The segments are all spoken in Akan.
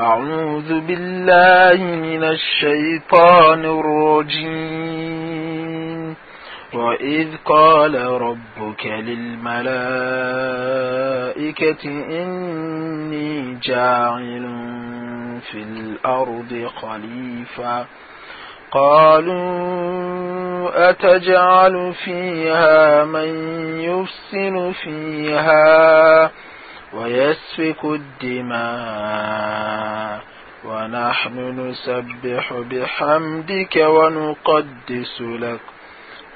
أعوذ بالله من الشيطان الرجيم وإذ قال ربك للملائكة إني جاعل في الأرض خليفة قالوا أتجعل فيها من يفسن فيها ويسفك الدماء ونحن نسبح بحمدك ونقدس لك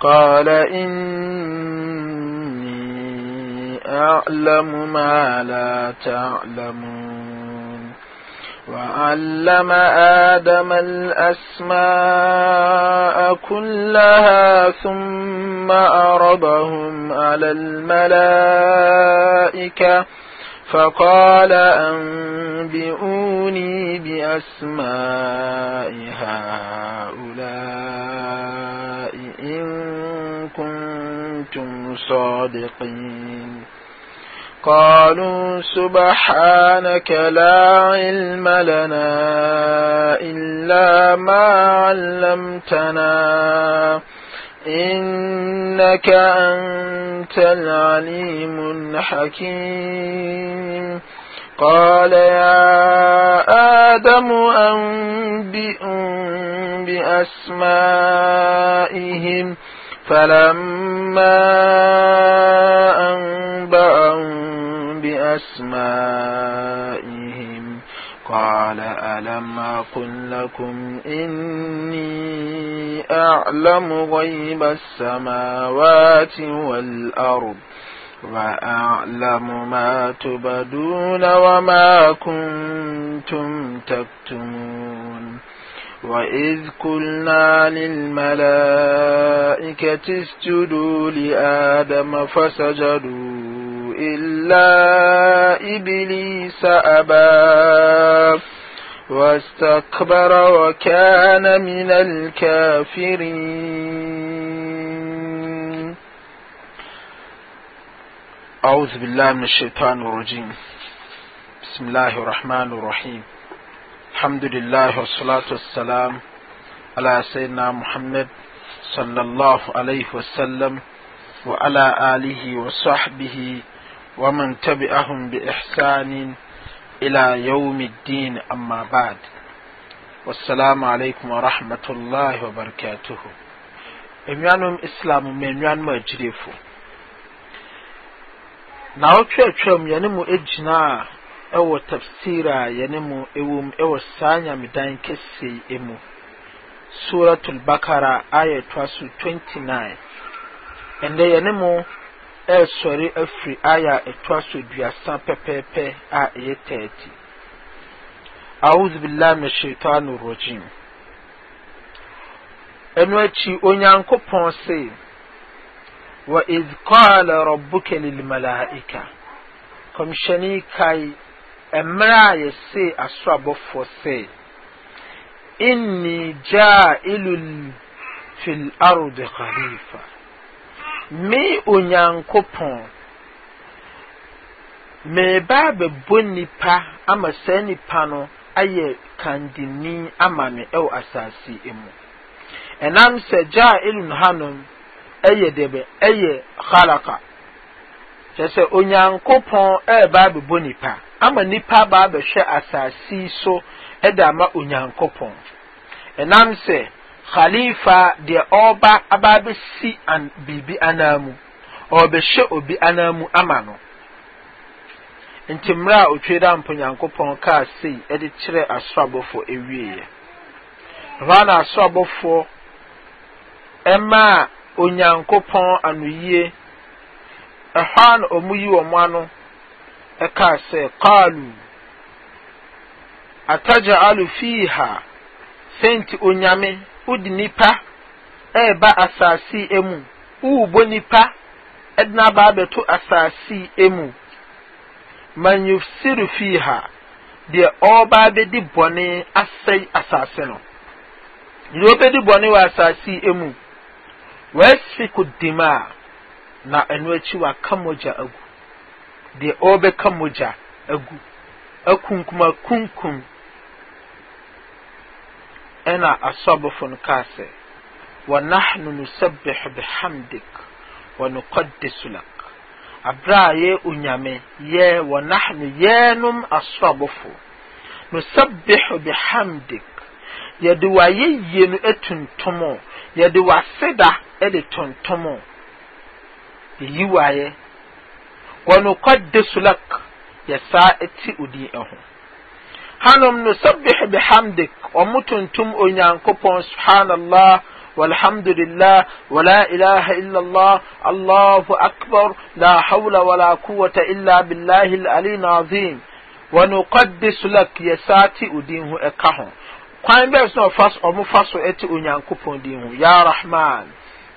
قال إني أعلم ما لا تعلمون وعلم آدم الأسماء كلها ثم عرضهم على الملائكة فقال أنبئوني بأسماء هؤلاء إن كنتم صادقين قالوا سبحانك لا علم لنا إلا ما علمتنا إنك أنت العليم الحكيم قال يا آدم أنبئهم بأسمائهم فلما أنبأهم بأسمائهم قال ألم أقل لكم إني أعلم غيب السماوات والأرض وأعلم ما تبدون وما كنتم تكتمون وإذ قلنا للملائكة اسجدوا لآدم فسجدوا إلا إبليس أبى واستكبر وكان من الكافرين أعوذ بالله من الشيطان الرجيم بسم الله الرحمن الرحيم الحمد لله والصلاة والسلام على سيدنا محمد صلى الله عليه وسلم وعلى آله وصحبه ومن تبعهم بإحسان إلى يوم الدين أما بعد والسلام عليكم ورحمة الله وبركاته enuanom islam mu enuanom agyirefo na ɔtwatwam yɛne mu gyina a ɛwɔ tafsir a yɛne mu ɛwɔ mu ɛwɔ saa nyamedan kɛseɛ yi mu suratul bakara ayɛ toa so 29 ɛnɛ yɛne mu ɛresɔre afiri aya a ɛtwa so duasa pɛpɛɛpɛ a ɛyɛ taati أعوذ بالله من الشيطان ɛno akyi onyankopɔn se wa idh qala lilmalaika kɔmhyɛne kae ɛmmerɛ a yɛsee asorabɔfoɔ sɛ inni jailun fi lard khalifa me onyankopɔn meba abɛbɔ nipa ama saa nipa no ayɛ kandini ama me ɛwɔ asase mu ɛnam sɛ gyaa elun hanom ɛyɛ dɛbɛ ɛyɛ halaka kyerɛ sɛ onyankopɔn ɛɛba abɛbɔ nipa ama nipa ba abɛhwɛ asaase so ɛde ama onyankopɔn ɛnam sɛ khalifa deɛ ɔreba aba abɛsi an biribi anaa mu ɔrebɛhyɛ obi anaa mu ama no nti mmerɛ a otwe da mpo nyankopɔn kaa sei ɛde kyerɛ asorabɔfoɔ ewieɛ ɛhɔ a na asorabɔfoɔ ɛmaa onyankopɔn anoyie ɛhɔ a na ɔmo yi wɔn ano ɛkaa sɛ kaalu atagya alu fiiha sɛnti onyame wode nipa ɛreba asase emu wuwubɔ nipa ɛde n'aba abɛto asase emu man yufsiru fiha deɛ ɔreba abɛdi bɔne asɛe asase no deɛ ɔbɛdi bɔne wɔ asase emu wɔasiku dima na ɛno akyi waka mogya agu deɛ ɔrebɛka mogya agu akunkum akunkum ɛna asɔbofo no kaa sɛ wɔnahno nusabbih bihamdik wɔnukɔddisu lak aberɛ a yɛ onyame yɛ wɔnahno yɛnom asɔbofo nusabbih bihamdik yɛde wayɛyie no atuntum yɛde waseda ɛde tuntum yɛyi waayɛ wɔnukɔddisu lak yɛsaa ɛti odin ɛho hanom no sabbih bihamdik ɔmo tuntum onyankopɔn subhanallah walhamdulillah wala ilaha illallah allahu akbar la hawla wala quwwata illa billahi al-aliyyil azim wa nuqaddis lak yasati udin ho ɛka ho kwan bɛɛ so ɔfa so ɔmo fa so ɛte onyankopɔn din ho ya rahman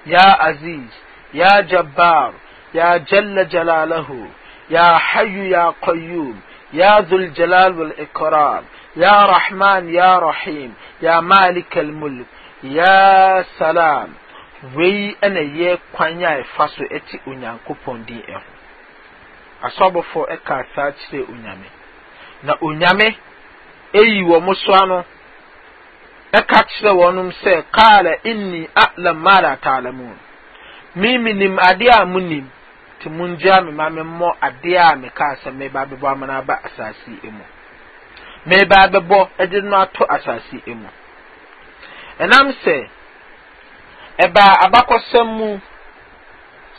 ya aziz ya jabbar ya jalla jalalahu ya hayyu ya qayyum يا ذو الجلال والإكرام يا رحمن يا رحيم يا مالك الملك يا سلام wei ɛna yɛ kwan a ɛfa so ɛte onyankopɔn din ɛho asɔbɔfoɔ ɛka saa kyerɛ onyame na onyame ɛyi wɔ mo so ano ɛka kyerɛ wɔnom sɛ kaala inni a'lam ma la ta'lamun mimi nim adeɛ a mo nim nti mungyaa me ma memmɔ adeɛ a meka sɛ meba bɛbɔ ama no aba asase mu meba bɛbɔ de no ato asase mu ɛnam sɛ ɛbaa abakɔsɛm mu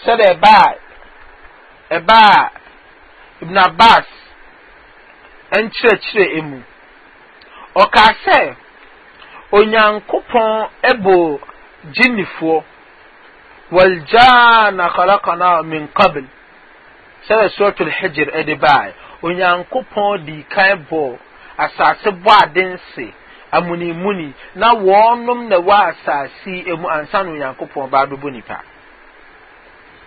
sɛde ɛbaa ɛbaa ibn abbas nkyerɛkyerɛ mu ɔkaa sɛ onyankopɔn ɛbɔ gyinifoɔ waljana khalaqana min qabl sɛdɛ suratul hijr ɛde bae onyankopɔn dii kan bɔ asase bɔ adense amunimuni na wɔnom na wɔ asase emu ansa na onyankopɔn ba abɛbɔ nipa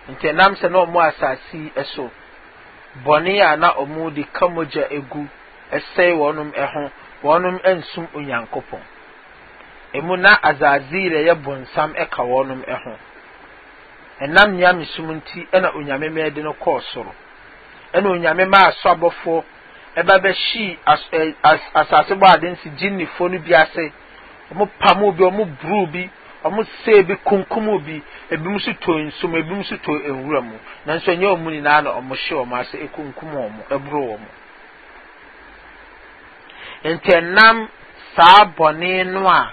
nti ɛnam sɛ na ɔmo asase ɛso bɔne a na ɔmo de kamogya egu ɛsɛe wɔnom ɛho wɔnom ɛnsum onyankopɔn emu na azazire yɛ bɔnsam ɛka wɔnom ɛho ɛnam nyame som nti ɛna onyame ma de no kɔɔ soro ɛna onyame ma asɔ abɔfoɔ ɛba bɛhyii asase bɔ ade nsi gyinnifoɔ no bi ase ɔmo pamoo bi ɔmo buruu bi ɔmo see bi kunkumu bi ebinom nso tɔ nsum ebinom nso tɔ nwura mu nanso ɛnyɛ wɔn nyinaa na ɔmo hyɛ wɔn ase ekunkum wɔn ɛboro wɔn ntɛnam saa bɔnee no a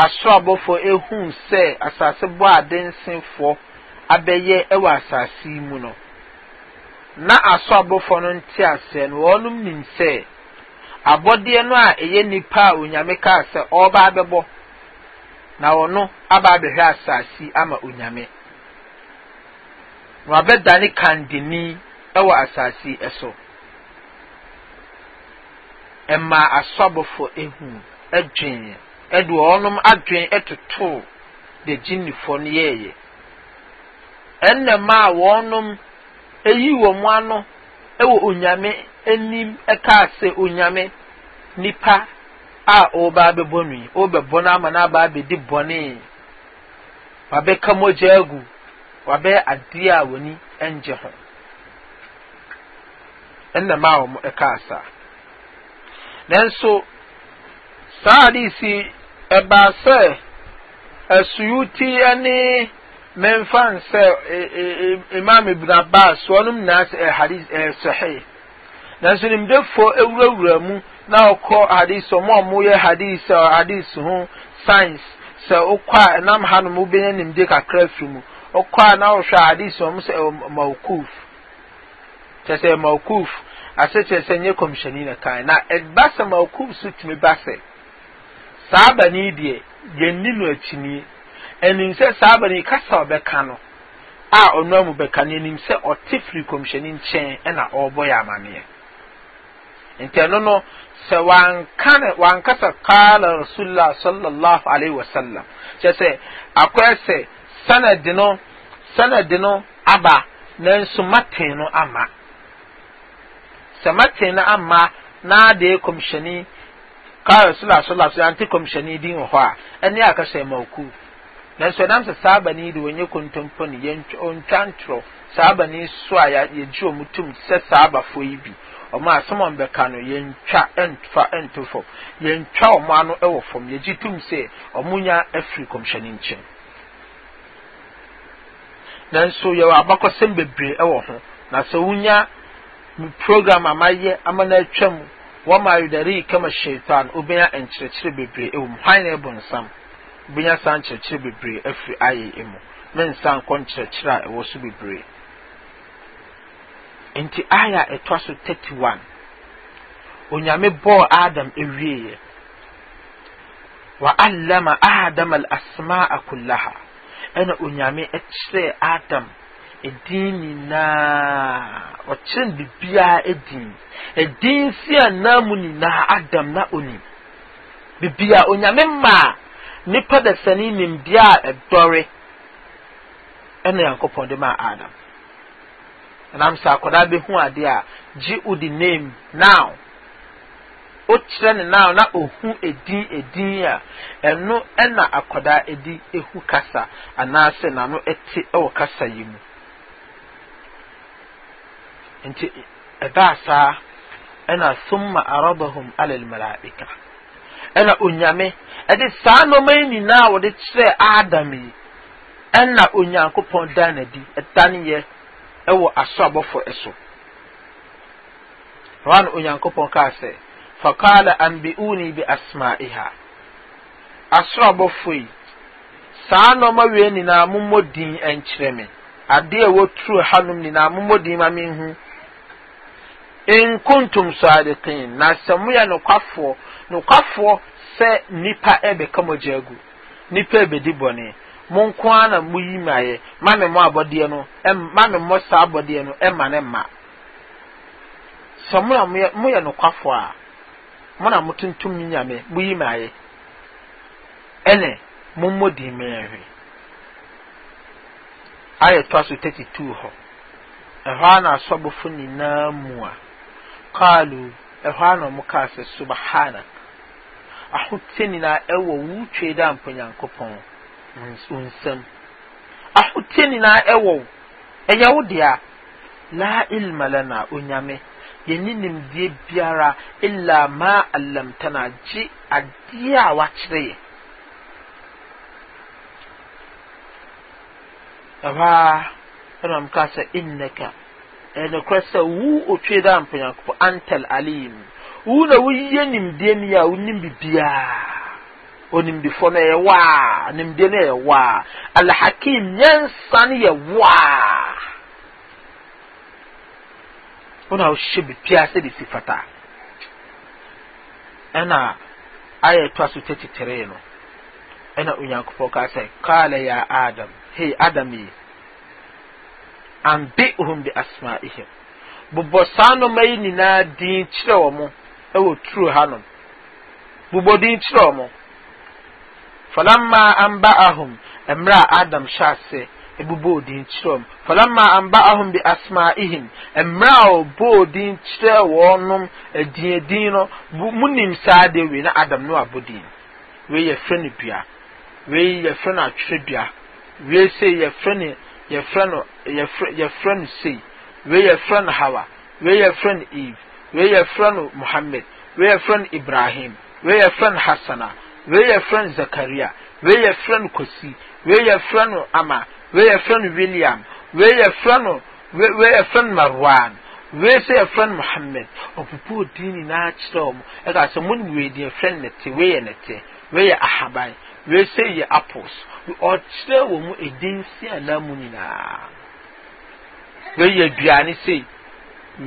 asorɔbɔfoɔ ehu sɛ asase bɔ adansinfoɔ abɛyɛ ɛwɔ asase yi mu no na asorɔbɔfoɔ no nte aseɛ no wɔn nim sɛ abɔdeɛ no a ɛyɛ nipa a onyame kaa sɛ ɔreba abɛbɔ na ɔno aba abɛhwɛ asase ama onyame na wabɛdane kandini ɛwɔ asase ɛso ɛmaa asorɔbɔfoɔ ehu ɛdwen. ɛde ɔnom adwen ɛtotoo de gyinifoɔ no yɛɛyɛ ɛnna a wɔnom eyi wɔn ano ɛwɔ onyame anim ɛkaa sɛ onyame nipa a ɔreba abɛbɔ no yi ɔrebɛbɔ no ama no aba abɛdi bɔnee wabɛka mogya agu wabɛyɛ adeɛ a wɔni ɛngye ho ɛnna mmaa wɔn ɛkaa saa nanso saa adeɛ si ɛbaa sɛ asuyuti ɛne mɛnfan sɛ e, e, e, imam ibn abbas wɔnom nyinaa sɛ ɛhadis ɛsɛhɛ nanso nimdefo ewurawura mu na ɔkɔ hadis ɔmo a ɔmo yɛ hadis a hadis ho science sɛ ɔkɔ a ɛnam ha nom bɛyɛ nimde kakra fi mu ɔkɔ a na ɔhwɛ hadis ɔmo sɛ ɛwɔ mawkuf kyerɛ sɛ mawkuf ase kyerɛ sɛ nyɛ kɔmhyɛni na kan na ɛba sɛ mawkuf so tumi ba sɛ. saa abani deɛ yɛnni no akyini ɛnim sɛ saa abani kasa ɔbɛka no a ɔno amu bɛka no ɛnim sɛ ɔte firi kɔmhyɛni nkyɛn ɛna ɔrebɔ yɛ amaneɛ nti ɛno no sɛ wanka ne wankasa kaala rasulillah sallallahu alaihi wasallam kyɛ sɛ akɔyɛ sɛ sanadi no sanadi no aba nanso matin no ama sɛ matin no ama na de kɔmhyɛni kaa solasola so ante kɔmhyɛne din wɔ hɔ a ɛne akasɛ mawku nanso ɛnam sɛ saa abane de wɔnyɛ kontompo ne ɔntwa ntorɔ saa abane so a yɛgye ɔmo tum sɛ saa abafo yi bi ɔmo asɛm a ɔmbɛka no yɛntwa ɛntfa ɛnto fam yɛntwa ɔmo ano ɛwɔ fam yɛgye tom sɛ ɔmo nya afiri kɔmhyɛne nkyɛn nanso yɛwɔ abakɔsɛm bebree ɛwɔ ho na sɛ wonya program a mayɛ ama no atwam wɔn a ayodari kama shaitan obinya nkyerɛkyerɛ bebree ɛwɔ mu hwan na ɛbɔ nsam obinya saa nkyerɛkyerɛ bebree afiri ayɛ emu ne nsa nkɔ nkyerɛkyerɛ a ɛwɔ so bebree nti ayɛ ɛtɔ so thirty one onyame bɔɔ adam ewieɛ wa alama adam al asmaa kullaha ɛna onyame ɛkyerɛ adam. edin nyinaa ɔkyerɛ no biribiara edin edin si a nam mu nyinaa adam na onim biribiara onyame mmaa nipa dasani nimdeɛ a ɛdɔre ɛna yankopɔn de maa adam ɛnam sɛ bi hu adeɛ a gye wo de name now wokyerɛ ne now na ohu edin edin a ɛno ɛna akɔdaa edi ehu kasa anaasɛ n'ano ɛte ɛwɔ kasa yi mu nti ɛbaa saa ɛna summa arabahum ala almalaika ɛna onyame ɛde saa nneɛma yi nyinaa wɔde kyerɛ adam yi ɛna onyankopɔn dan n'adi ɛdaneyɛ ɛwɔ aso abɔfo ɛso wɔn onyankopɔn kaa sɛ fakala anbi'uni bi asma'iha aso abɔfo yi saa nneɛma wei nyinaa mommɔ din ɛnkyerɛ me adeɛ ɛwɔ turu hanom nyinaa mommɔ din ma menhu in kuntum sadiqin na sɛ moyɛ nokwafoɔ nokwafoɔ sɛ nipa ɛbɛka mogya agu nipa ɛbɛdi bɔne mo nko ara na moyi mayɛ ma me mo abɔdeɛ no ma me mo saa abɔdeɛ no ɛma ne ma sɛ mo na moyɛ nokwafoɔ a mo na mo tuntum nyame moyi mayɛ ɛnɛ mommɔ di mmɛɛhwe ayɛ toa 32 hɔ ɛhɔ a na asɔbofo nyinaa na a qalu ɛhɔ ana ɔmo kaa sɛ subhanak ahoteɛ nyinaa ɛwɔ wo twe dɛ ampa nyankopɔn wo nsam ahoteɛ nyinaa ɛwɔ ɛyɛ wo dea la ilma lana onyame yɛne nimdeɛ biara illa ma alamtana gye adeɛ a wakyerɛ yɛ ɛhɔ a ɛna kaa sɛ innaka ɛnokorɛ eh, sɛ wu otwe dɛ ampa antel alim wu na woyɛ nimdeɛ ni a wonim bibiaa onimdifo no ɛyɛ waa nimdeɛ no ɛyɛ waa alhakim nyansa no yɛ waa wona wohyɛ bibia sɛde si fata ɛna ayɛ toa so 33 no ɛna onyankopɔn ka sɛ kaala ya adam hei adam yi anbihum bi asma'ihim bobɔ saa nnɔma yi nyinaa din kyerɛ wɔn mo ɛwɔ turo hanom bobɔ din kyerɛ wɔn mo falamma anba'ahum mmerɛ a adam hyɛ ase ɛbobɔ odin kyerɛ wɔn falamma anba'ahum bi asma'ihim mmerɛ a ɔbɔ odin kyerɛ wɔnom adiɛdin no mu nim saa deɛ wei na adam no abɔ din wei yɛfrɛ no dua wei yɛfrɛ no atwerɛ dua wei sɛ yɛfrɛ no yɛfrɛ no yɛfrɛ yɛfrɛ no sei wei yɛfrɛ no hawa wei yɛfrɛ no eve wei yɛfrɛ no muhammed wei yɛfrɛ no ibrahim wei yɛfrɛ no hasana wei yɛfrɛ no zakaria wei yɛfrɛ no kosi wei yɛfrɛ no ama wei yɛfrɛ no william wei yɛfrɛ no wei yɛfrɛ no marwan wei sɛ yɛfrɛ no Mohammed? ɔpopo din nyinaa kyerɛ wɔ mu ɛka sɛ mo ne wei deɛ yɛfrɛ no nɛte wei yɛ nɛte wei yɛ ahaban wese yɛ apples ɔkyerɛ wɔ mu edin si anam mu nyinaa weyɛ aduane sei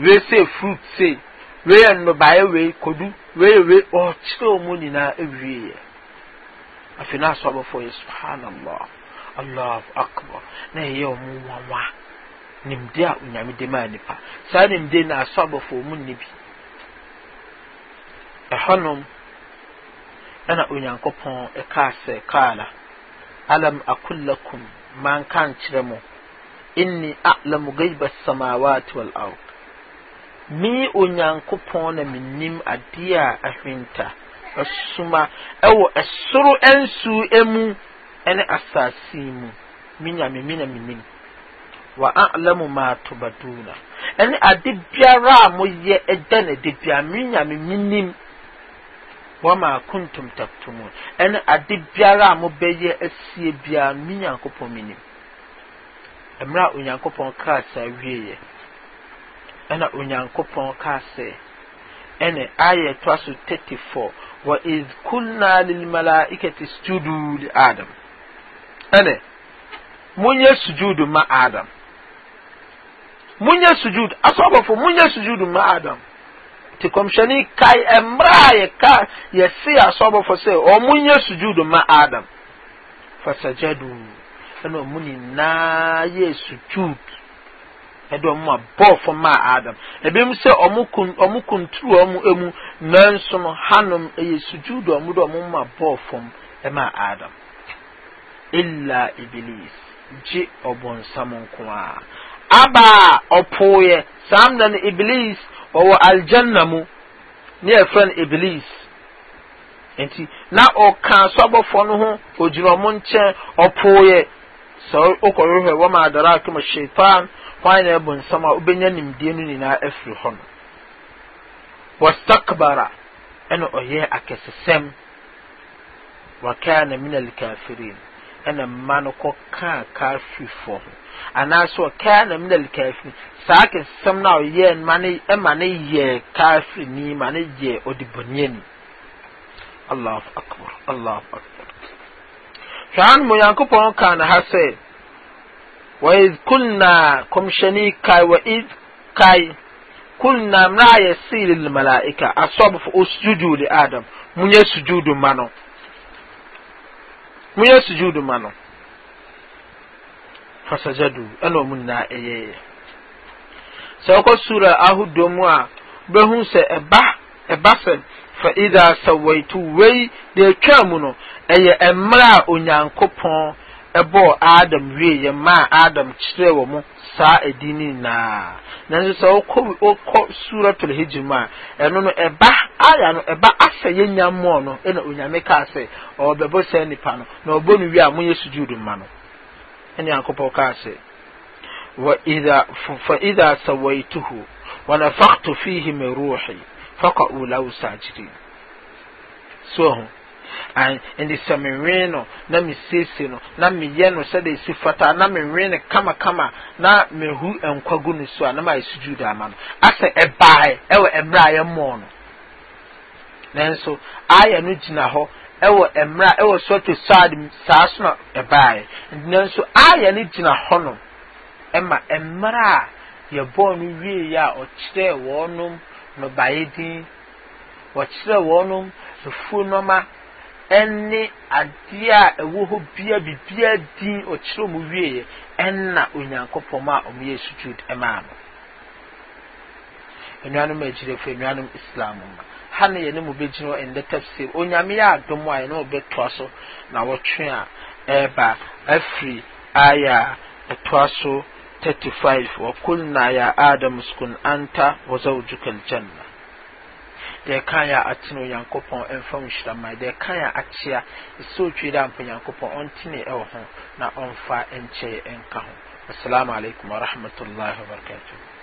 wese fruit sei weyɛ nnɔbaeɛ wei kodu weyɛ wei ɔkyerɛ wɔ mu nyinaa ewie yɛ afei na asɔ abɔfo yɛ subhanallah allahu akbar na ɛyɛ wɔn nwanwa nimde a onyame de maa nipa saa nimde na asɔ abɔfo wɔn mu nibi ɛhɔnom. ɛna onyankopɔn ɛkaa sɛ kaala alam akullakum manka nkyerɛ mo inni a'lamu gaiba samawati wal ard me onyankopɔn na menim adeɛ a ahwenta asuma ɛwɔ ɛsoro ɛnsu emu ɛne asase mu me nyame na menim wa a'lamu ma tubaduna ɛne ade biara a moyɛ ɛda na de biara me nyame nim. wama kuntum taktumun ɛne ade biara a mobɛyɛ asie biara me nyankopɔn menim mmerɛ a onyankopɔn kaa saa wieɛ ɛna onyankopɔn kaa sɛ ɛne ayɛ toa so 34 wa iz kulna lilmalaikati sujudu li adam ɛne monyɛ sujudu ma adam monyɛ sujud asɔbɔfo monyɛ sujudu ma adam nti kɔmhyɛne kae mmerɛ a yɛka yɛse asɔbɔfo sɛ ɔmo nyɛ sujud ma adam fasajadu ɛna ɔmo nyinaa yɛ sujud ɛde ɔmo abɔɔfo ma adam ebinom sɛ ɔmo kun ɔmo kunturu ɔmo emu nanso no hanom ɛyɛ sujud ɔmo de ɔmo ma bɔɔfo ɛmaa adam illa iblis gye ɔbɔnsam nko a aba a ɔpooyɛ saa mna no iblis wɔwɔ aljanna mu ne yɛfrɛ no iblis nti na ɔka so abɔfoɔ no ho ogyina ɔmo nkyɛn ɔpooyɛ sɛ wokɔhwehwɛ wɔma adara akama shaitan hwan na ɛbɔ nsɛm a wobɛnya nimdeɛ no nyinaa afiri hɔ no wastakbara ɛna ɔyɛ akɛsesɛm wakana min alkafirin ɛna mma no kɔ kaa kaafifoɔ ho anaasɛ ɔkaa na mu na kaafiri saa kɛsɛm no a ɔyɛɛ ma no ɛma no yɛ kaafiri ni ma no yɛ ɔdebɔneani allahu akbar allahu akbar hwɛ anom onyankopɔn kaa na ha sɛ وإذ كنا كم شنيكا وإذ كاي كنا منا يسير الملائكة أصاب فأسجدوا لآدم من يسجد منه monyɛ sujudu ma no fasajadu ɛna ɔmo nyinaa ɛyɛyɛ sɛ ɔkɔ sura ahodoɔ a bɛhu sɛ ɛba ɛba sɛ fa ida sawaitu wei deɛ atwa mu no ɛyɛ mmerɛ a onyankopɔn ɛbɔɔ adam wieɛ maa adam kyerɛɛ wɔ mo saa ɛdin no nyinaa nanso sɛ wokɔ wokɔ suratul hijim a ɛno no ɛba aya no ɛba asɛ yɛnya no ɛna onyame kaa sɛ ɔbɛbɔ nipa no na ɔbɔ no wie a moyɛ sujud ma no ɛne nyankopɔn kaa sɛ an ɛnde sɛ mewe no na mesiesie no na meyɛ no de esi fata na mewe no kamakama na mehu nkwa gu no so a na maayɛ sujud ama no asɛ ɛbae ɛwɔ mmerɛ a yɛmmɔɔ no nanso aya no gyina hɔ ɛwɔ mmerɛ ɛwɔ sɔto saad saa so na ɛbae nanso aya no gyina hɔ no ɛma mmerɛ a yɛbɔɔ no wieeɛ a ɔkyerɛɛ wɔnom nnɔbaeɛ din wɔkyerɛɛ wɔnom afuo nɔma ɛne adeɛ a ɛwɔ hɔ bia bibia din ɔkyerɛ mu wieɛ ɛnna onyankopɔn a ɔmo yɛ sujud ɛmaa no nnuanom agyirefo nnuanom islam ma ha no yɛne mu bɛgyina hɔ ɛndɛ tafsir onyame yɛ adom a yɛne wɔbɛtoa so na wɔtwe a ɛɛba afiri aya ɛtoa so 35 وقلنا يا آدم اسكن أنت وزوجك الجنة deɛ kan yɛ atene onyankopɔn mfa mu hyiraman deɛ kan yɛ akyea ɛsɛ otwi dɛ ampa onyankopɔn ɔntene ɛwɔ ho na ɔmfa nkyɛe nka ho assalamu alaikum warahmatullahi wabarakatuh